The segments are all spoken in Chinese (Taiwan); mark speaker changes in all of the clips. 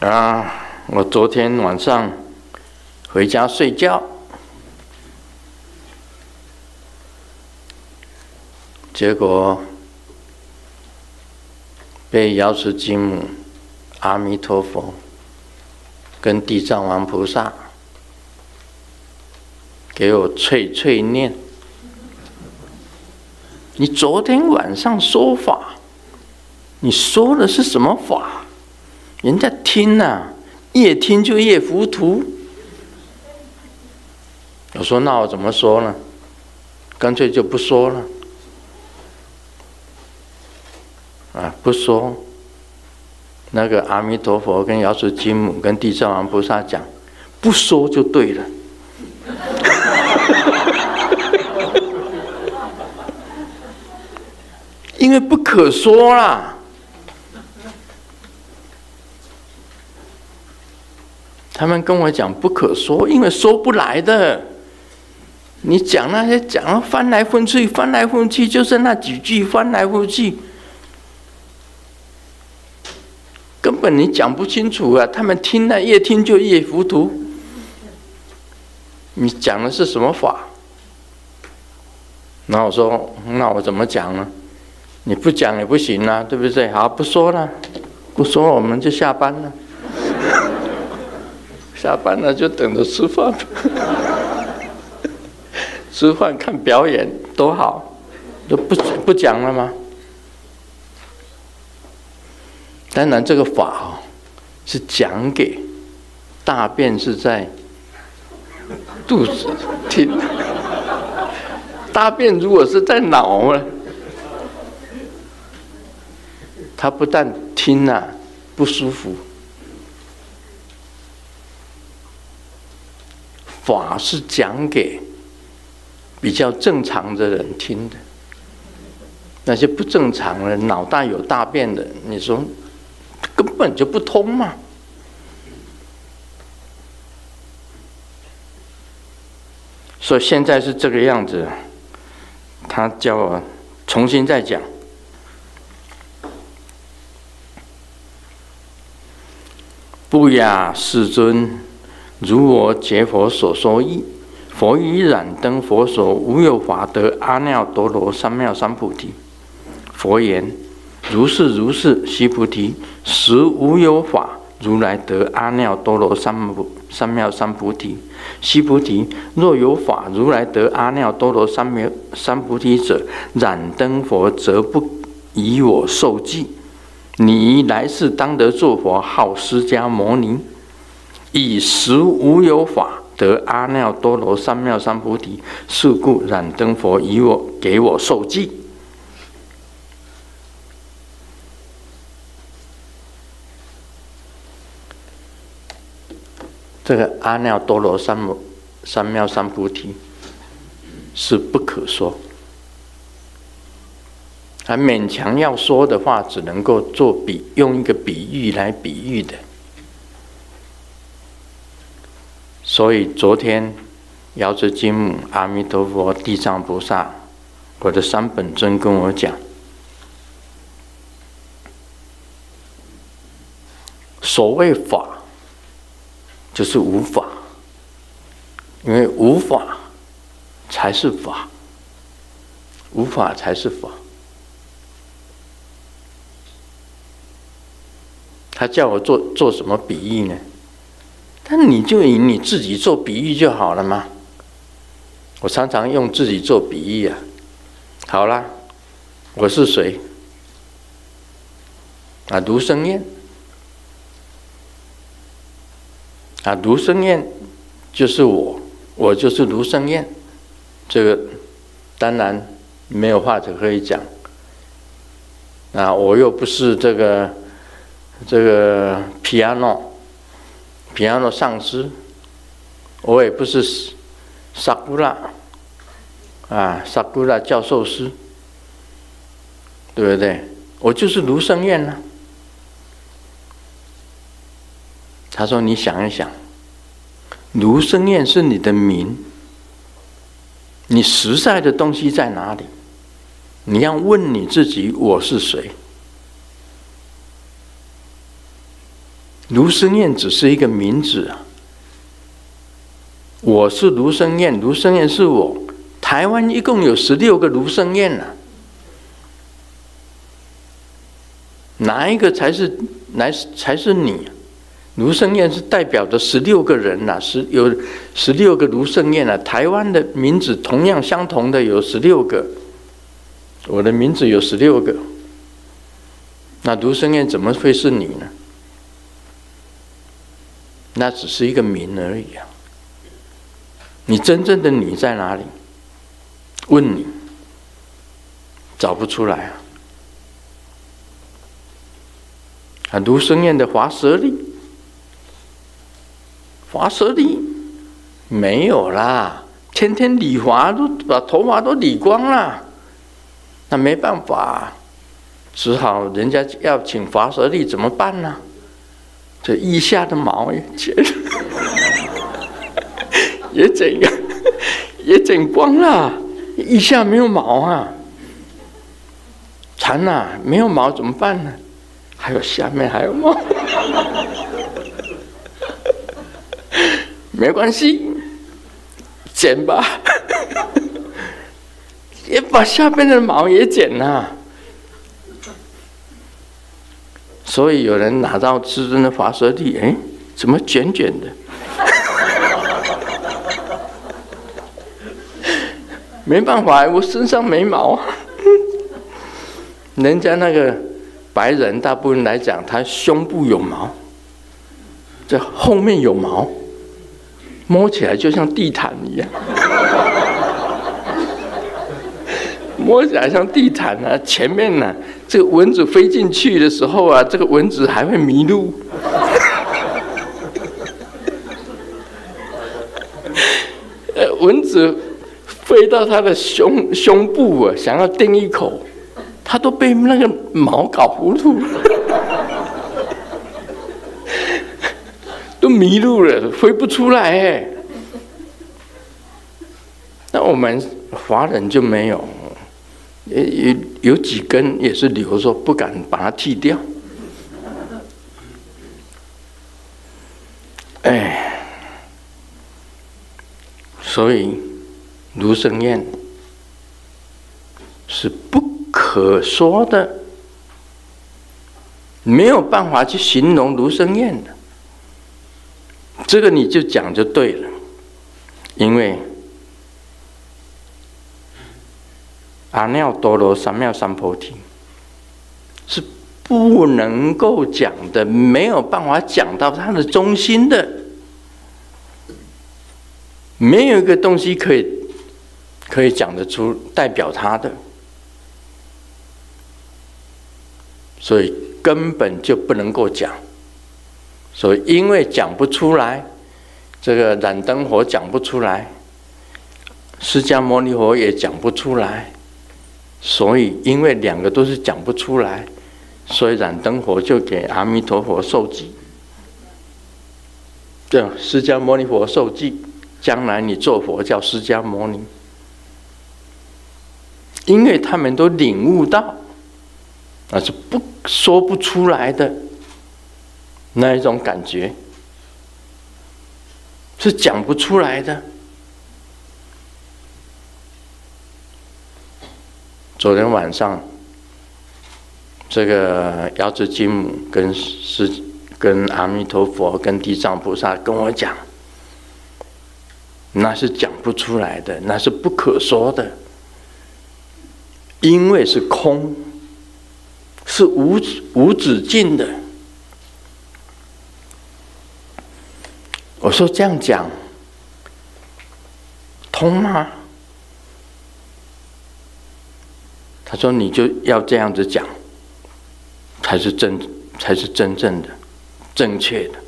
Speaker 1: 啊！我昨天晚上回家睡覺，結果被瑤池金母、阿彌陀佛跟地藏王菩薩給我碎碎念。你昨天晚上說法，你說的是什麼法？人家。聽吶、啊，越聽就越糊塗。我說，那我怎麼說呢？乾脆就不說了。啊，不說。那個阿彌陀佛跟藥師金母跟地藏王菩薩講，不說就對了。 因為不可說啦。他們跟我講不可說，因為說不來的。你講那些講了翻來覆去，翻來覆去就是那幾句翻來覆去，根本你講不清楚啊！他們聽了越聽就越糊塗。你講的是什麼法？那我說：“那我怎麼講呢？你不講也不行啊，對不對？好，不說了，不說了我們就下班了。”下班了就等着吃飯吧， 吃飯看表演多好，都不不講了嗎？當然，這個法是講給大便是在肚子聽，大便如果是在腦了，他不但聽啊不舒服。法是講給比較正常的人聽的，那些不正常的人腦袋有大便的，你說根本就不通嘛。所以現在是這個樣子，他叫我重新再講。不雅，世尊。如我解佛所說義，佛以然燈佛所無有法得阿耨多羅三藐三菩提。佛言：如是如是，須菩提。實無有法如來得阿耨多羅三藐三,三菩提。須菩提，若有法如來得阿耨多羅三藐三菩提者，然燈佛則不以我授記，你來世當得作佛，號釋迦牟尼。以實無有法得阿耨多羅三藐三菩提，是故然燈佛與我給我受記。這個阿耨多羅三藐三藐三菩提是不可說，還勉強要說的話，只能夠做比用一個比喻來比喻的。所以昨天，瑤池金母阿彌陀佛、地藏菩薩，我的三本尊跟我講：所謂法，就是無法，因為無法才是法，無法才是法。他叫我做做什麼比喻呢？那你就以你自己做比喻就好了嘛。我常常用自己做比喻啊。好啦，我是誰？啊，盧勝彥。啊，盧勝彥就是我，我就是盧勝彥。這個當然沒有話可、可以講。啊，我又不是這個這個皮亞諾。比方說，上師，我也不是薩古拉啊，薩古拉教授師，對不對？我就是盧勝彥呢。他說：“你想一想，盧勝彥是你的名，你實在的東西在哪裡？你要問你自己，我是誰？”盧勝彥只是一個名字啊，我是盧勝彥，盧勝彥是我。台灣一共有十六個盧勝彥吶，哪一個才是？哪，才是你啊？盧勝彥是代表着十六個人吶，十有十六個盧勝彥啊。台灣的名字同樣相同的有十六個，我的名字有十六個，那盧勝彥怎麼會是你呢？那只是一個名而已啊！你真正的你在哪裡？問你，找不出來啊！啊，盧勝彥的髮舍利，髮舍利沒有啦，天天理髮都把頭髮都理光了，那沒辦法，啊，只好人家要請髮舍利，怎麼辦呢，啊？這腋下的毛也剪，也剪，了也，剪了也剪光了。腋下沒有毛啊，蟬吶沒有毛怎麼辦呢？還有下面還有毛， 沒關係，剪吧，也把下邊的毛也剪了。所以有人拿到聖尊的髮舍利，哎、欸，怎麼卷卷的？ 沒辦法，我身上沒毛。 人家那個白人，大部分來講，他胸部有毛，這後面有毛，摸起來就像地毯一樣。 摸起來像地毯啊，前面呢、啊？這個蚊子飛進去的時候啊，這個蚊子還會迷路。 蚊子飛到它的胸胸部啊，想要叮一口，它都被那個毛搞糊塗， 都迷路了，飛不出來。哎，那我們華人就沒有，也也。有幾根也是留着，不敢把它剃掉。哎，所以盧勝彥，是不可說的，沒有辦法去形容盧勝彥。的。這個你就講就對了，因為。《阿耨多羅三藐三菩提》是不能夠講的，沒有辦法講到它的中心的，沒有一個東西可以可以講得出代表它的，所以根本就不能夠講。所以因為講不出來，這個燃燈佛講不出來，釋迦牟尼佛也講不出來。所以，因為兩個都是講不出來，所以燃燈佛就給阿彌陀佛授記。對，釋迦牟尼佛授記，將來你做佛叫釋迦牟尼。因為他們都領悟到，而是不說不出來的那一種感覺，是講不出來的。昨天晚上，這個瑤池金母跟是跟阿彌陀佛、跟地藏菩薩跟我講，那是講不出來的，那是不可說的，因為是空，是無無止境的。我說這樣講通嗎？他說：“你就要這樣子講，才是真，才是真正的正確的。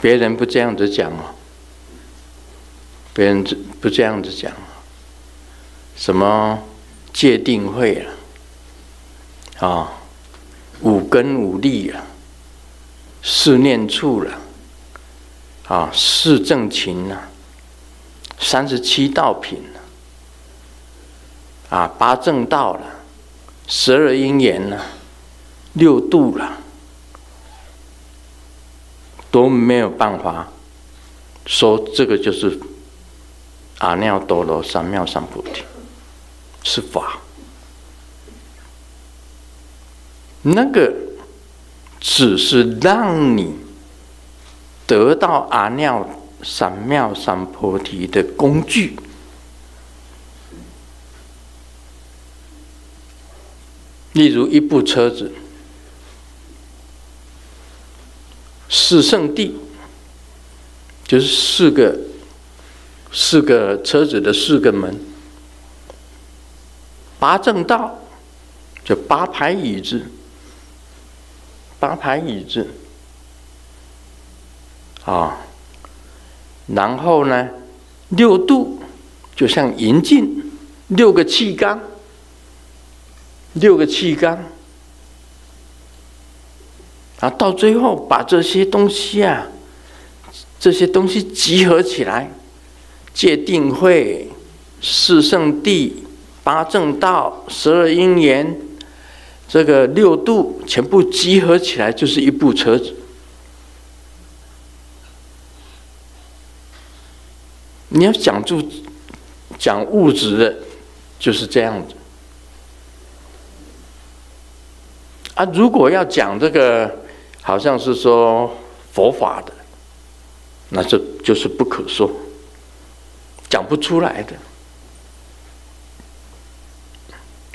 Speaker 1: 別人不這樣子講啊，別人不這樣子講，什麼戒定慧啊，啊，五根五力啊，四念處了、啊。”啊，四正勤呢、啊、三十七道品了、啊，啊，八正道了、啊，十二因緣了，六度了、啊，都沒有辦法說，這個就是阿耨多羅三藐三菩提是法，那個只是讓你。得到阿耨多羅三藐三菩提的工具，例如一部車子，四聖諦就是四個四個車子的四個門，八正道就八排椅子，八排椅子。啊、哦，然後呢，六度就像引擎，六個氣缸，六個氣缸啊，到最後把這些東西啊，這些東西集合起來，戒定慧、四聖諦、八正道、十二因緣，這個六度全部集合起來，就是一部車子。你要講住講物質的，就是這樣子啊！如果要講這個，好像是說佛法的，那這就，就是不可說，講不出來的。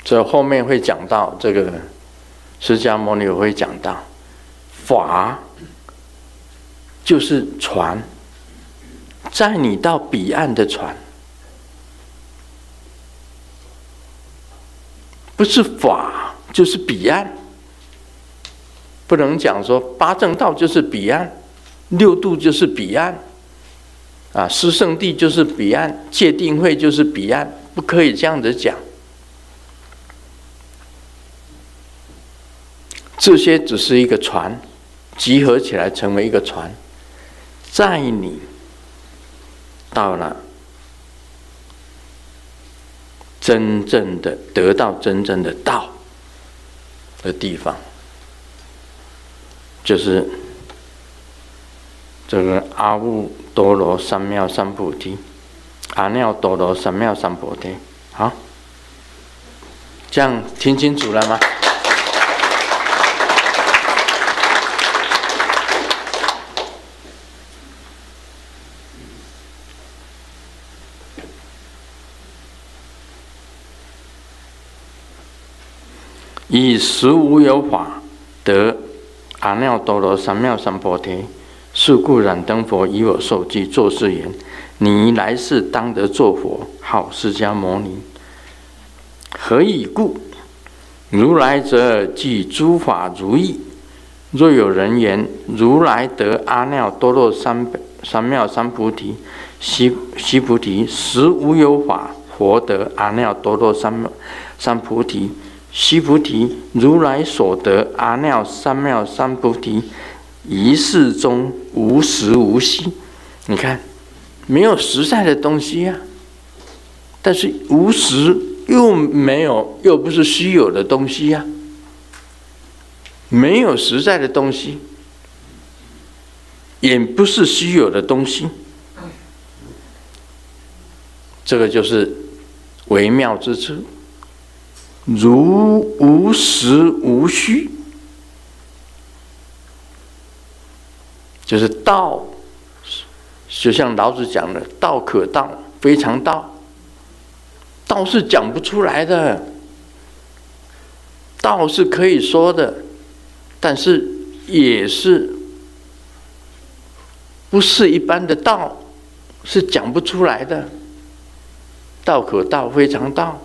Speaker 1: 這後面會講到這個，釋迦牟尼會講到法就是傳。載你到彼岸的船，不是法，就是彼岸。不能講說八正道就是彼岸，六度就是彼岸，啊，十聖地就是彼岸，戒定慧就是彼岸，不可以這樣子講。這些只是一個船，集合起來成為一個船，載你。到了真正的得到真正的道的地方，就是這個、嗯、阿耨多羅三藐三菩提，阿耨多羅三藐三菩提。好，這樣聽清楚了嗎？以實無有法，得阿耨多羅三藐三菩提，是故然燈佛與我授記，作是言：你來世當得作佛，號釋迦牟尼。何以故？如來者，即諸法如義。若有人言：如來得阿耨多羅三三藐三菩提，須菩提，實無有法，佛得阿耨多羅三三菩提。須菩提，如來所得阿耨三藐三菩提，於是中無實無虛。你看，沒有實在的東西呀、啊，但是無實又沒有，又不是虛有的東西呀、啊。沒有實在的東西，也不是虛有的東西，這個就是微妙之處。如無實無虛，就是道。就像老子講的“道可道，非常道”，道是講不出來的。道是可以說的，但是也是不是一般的道，是講不出來的。“道可道，非常道。”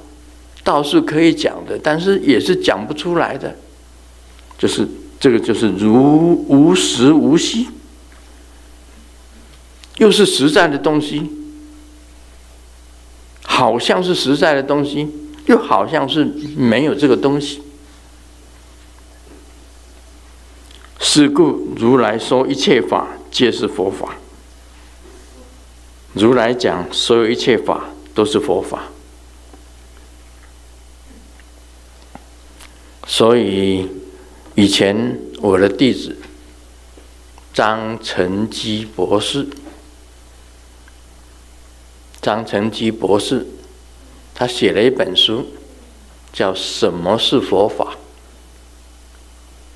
Speaker 1: 倒是可以講的，但是也是講不出來的。就是這個，就是如無實無虛，又是實在的東西，好像是實在的東西，又好像是沒有這個東西。是故如來說一切法皆是佛法，如來講所有一切法都是佛法。所以，以前我的弟子張澄基博士，張澄基博士，他寫了一本書，叫《什麼是佛法》。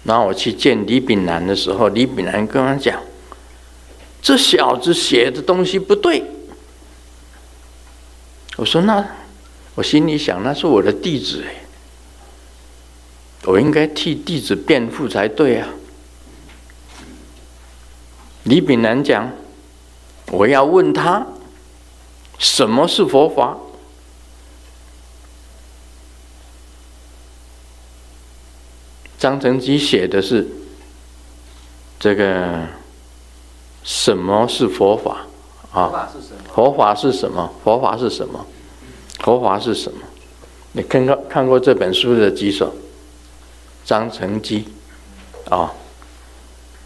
Speaker 1: 那我去見李炳南的時候，李炳南跟我講：“這小子寫的東西不對。”我說：“那我心裡想，那是我的弟子。”哎。我應該替弟子辯護才對啊！李炳南講，我要問他什麼是佛法。張澄基寫的是這個什麼是佛法啊？佛法是什麼？佛法是什麼？佛法是什麼？你看看看過這本書的舉手？張成基，啊、哦，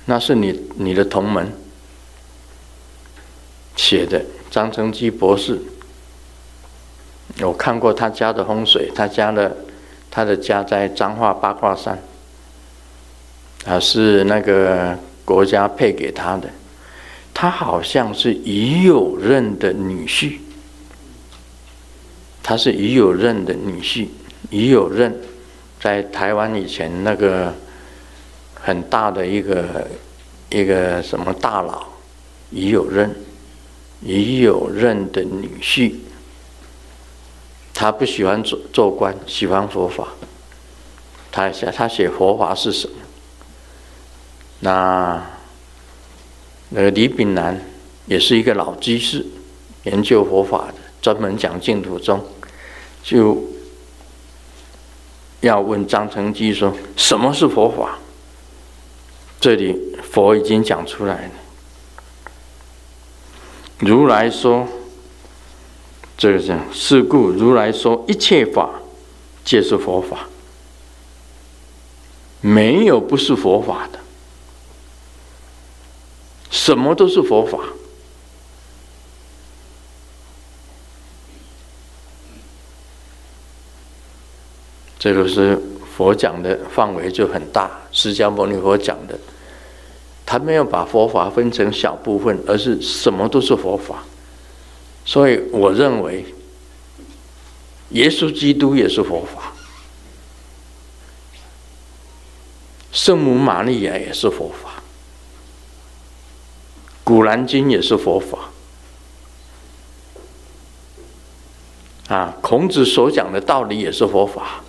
Speaker 1: 那是你你的同門寫的。張成基博士，我看過他家的風水，他家的他的家在彰化八卦山，啊，是那個國家配給他的。他好像是於右任的女婿，他是於右任的女婿，於右任。在台灣以前，那個很大的一個一個什麼大佬於右任，於右任的女婿，他不喜歡做做官，喜歡佛法，他寫他寫佛法是什麼？那那個李炳南也是一個老居士，研究佛法的，專門講淨土宗，就。要問張承基說什麼是佛法？這裡佛已經講出來了。如來說，這個是世。是故如來說一切法皆是佛法，沒有不是佛法的，什麼都是佛法。這個是佛講的範圍就很大，釋迦牟尼佛講的，他沒有把佛法分成小部分，而是什麼都是佛法。所以我認為，耶穌基督也是佛法，聖母瑪利亞也是佛法，古蘭經也是佛法，啊，孔子所講的道理也是佛法。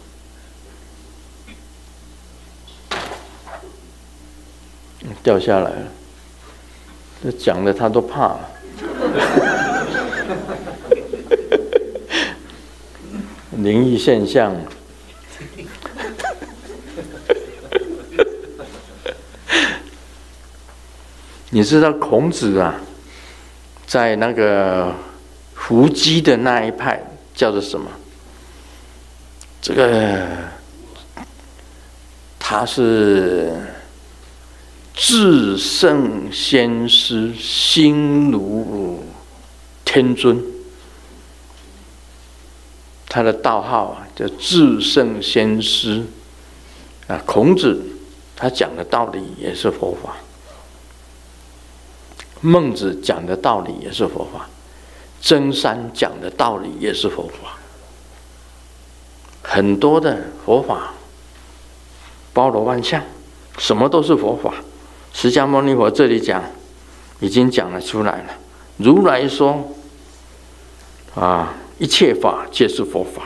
Speaker 1: 掉下來了，這講的他都怕了。 靈異現象， 你知道孔子啊，在那個伏擊的那一派叫做什麼？這個他是。至聖先師心如如天尊，他的道號啊叫至聖先師啊。孔子他講的道理也是佛法，孟子講的道理也是佛法，曾三講的道理也是佛法，很多的佛法包羅萬象，什麼都是佛法。釋迦牟尼佛這裡講，已經講了出來了，如來說：“啊，一切法皆是佛法。”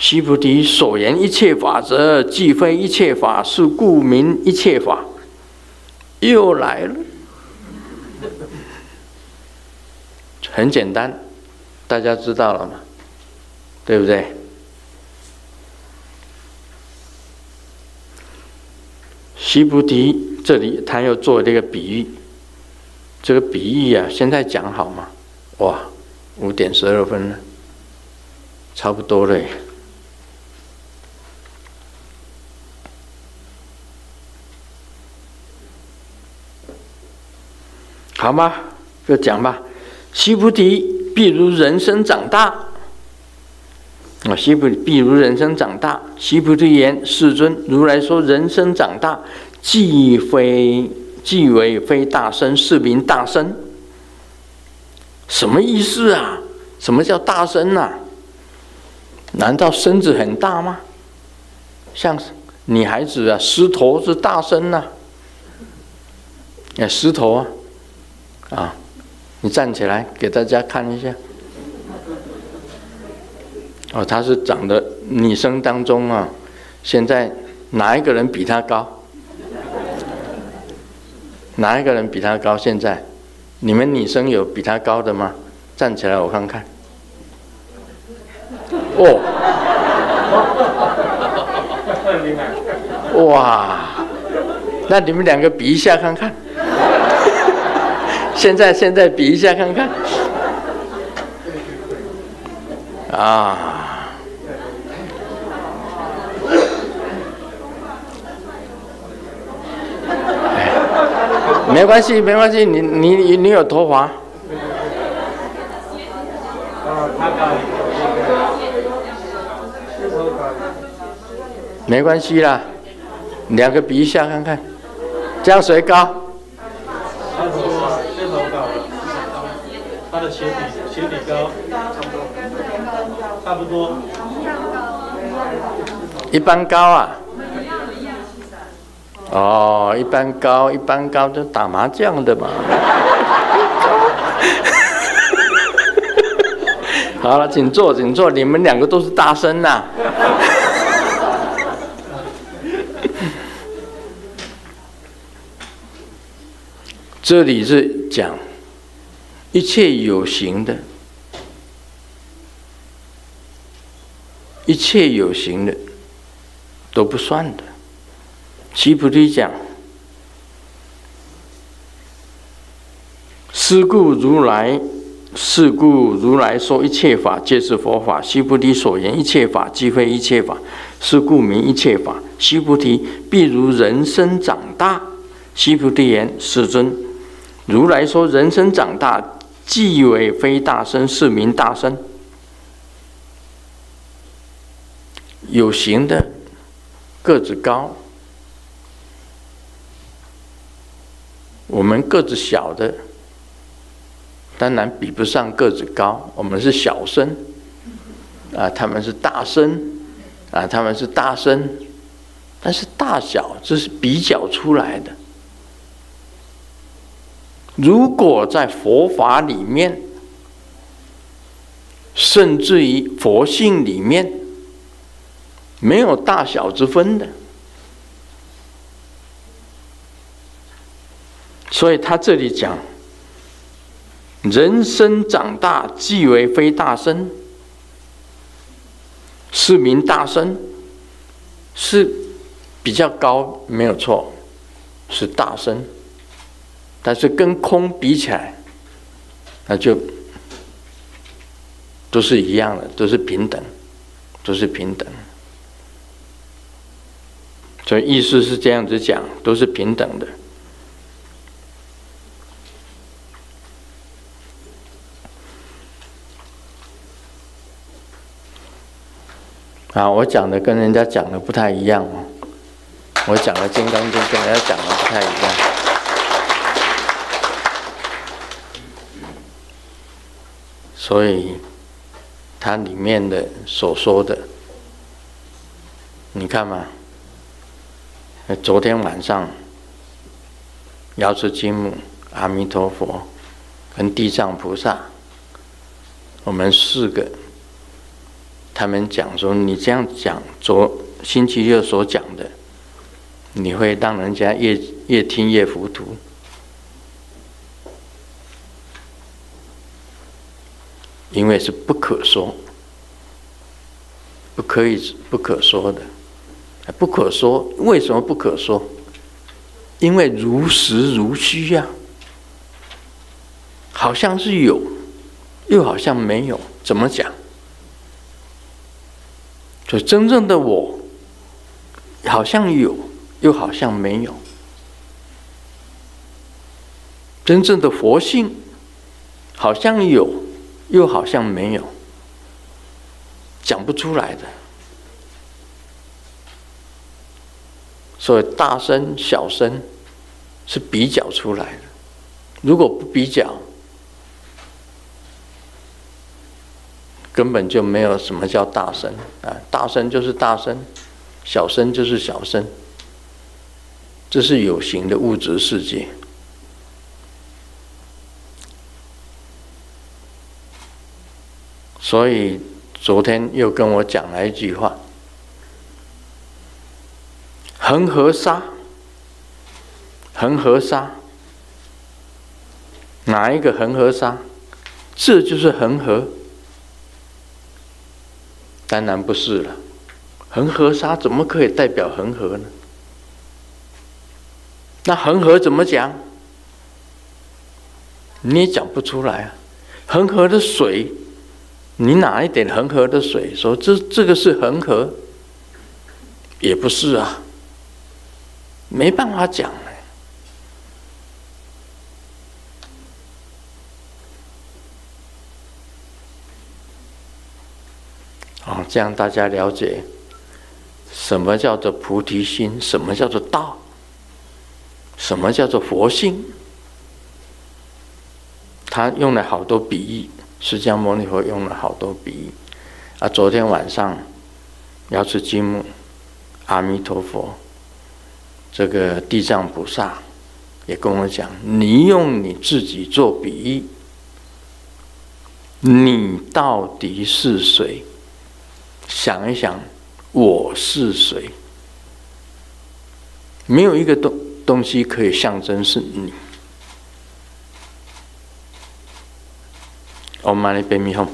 Speaker 1: 須菩提所言一切法者，即非一切法，是故名一切法。又來了，很簡單，大家知道了嗎？對不對？須菩提，這裡他又做這個比喻，這個比喻啊，現在講好嗎？哇，五點十二分了，差不多了，好嗎？就講吧。須菩提，譬如人身長大。啊，須菩提，譬如人身長大，須菩提言。世尊，如來說人身長大，即非，即為非大身，是名大身。什麼意思啊？什麼叫大身吶、啊？難道身子很大嗎？像女孩子啊，獅頭是大身吶、啊？哎，獅頭啊，啊，你站起來給大家看一下。哦，她是長的女生當中啊，現在哪一個人比她高？哪一個人比她高？現在，你們女生有比她高的嗎？站起來，我看看。哦。哇。那你們兩個比一下看看。現在，現在比一下看看。啊。沒關係，沒關係，你你你，你有頭髮。沒關係啦，兩個比一下看看，這樣誰高？差不多，高他的鞋底鞋底高，差不多，一般高啊。哦，一般高，一般高，就打麻將的嘛。 好了，請坐，請坐，你們兩個都是大身吶。 這裡是講一切有形的，一切有形的都不算的。須菩提講：“是故如來，是故如來說一切法皆是佛法。須菩提所言一切法，即非一切法，是故名一切法。須菩提，譬如人身長大。須菩提言：世尊，如來說人身長大，即為非大身，是名大身。有形的，個子高。”我們個子小的，當然比不上個子高。我們是小身，啊，他們是大身，啊，他們是大身，但是大小這是比較出來的。如果在佛法裡面，甚至於佛性裡面，沒有大小之分的。所以他這裡講，人身長大即為非大身，是名大身，是比較高沒有錯，是大身，但是跟空比起來，那就都是一樣的，都是平等，都是平等。所以意思是這樣子講，都是平等的。啊，我講的跟人家講的不太一樣哦。我講的《金剛經》跟人家講的不太一樣，所以它裡面的所說的，你看嘛，昨天晚上，瑤池金母，阿彌陀佛跟地藏菩薩，我們四個。他們講說：“你這樣講，昨星期六所講的，你會讓人家越越聽越糊塗，因為是不可說，不可以不可說的，不可說。為什麼不可說？因為如實如虛呀、啊，好像是有，又好像沒有，怎麼講？”所以，真正的我，好像有，又好像沒有；真正的佛性，好像有，又好像沒有，講不出來的。所以，大聲、小聲，是比較出來的。如果不比較，根本就沒有什麼叫大身啊，大身就是大身，小身就是小身。這是有形的物質世界。所以昨天又跟我講了一句話：恆河沙，恆河沙，哪一個恆河沙？這就是恆河。當然不是了，恆河沙怎麼可以代表恆河呢？那恆河怎麼講？你也講不出來啊。恆河的水，你哪一點恆河的水？說這這個是恆河？也不是啊，沒辦法講。啊、哦，這樣大家了解，什麼叫做菩提心？什麼叫做道？什麼叫做佛性？他用了好多比喻，釋迦牟尼佛用了好多比喻。啊，昨天晚上，藥師金木、阿彌陀佛、這個地藏菩薩也跟我講：你用你自己做比喻，你到底是誰？想一想，我是誰？沒有一個東東西可以象徵是你。好、嗡嘛呢唄咪吽。